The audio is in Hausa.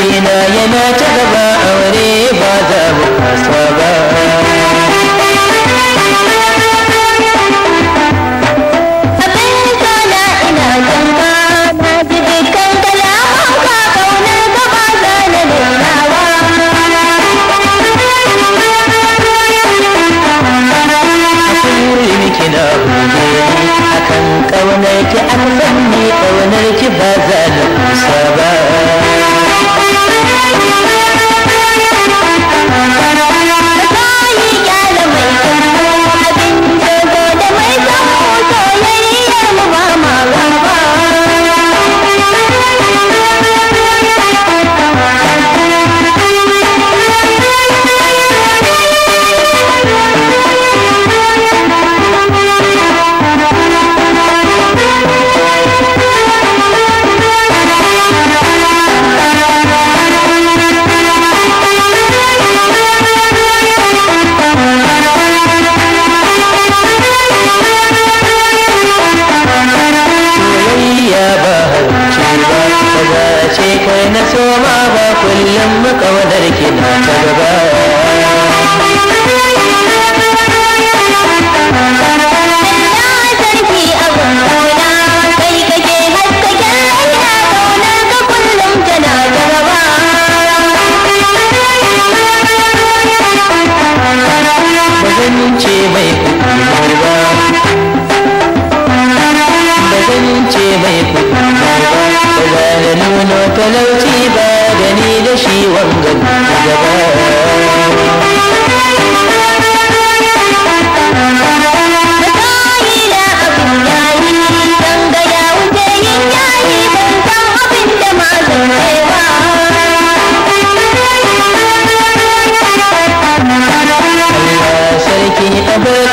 zuci na yana ta gaba aure kai na so ma ba kullum muka wadarki na ta gaba হবে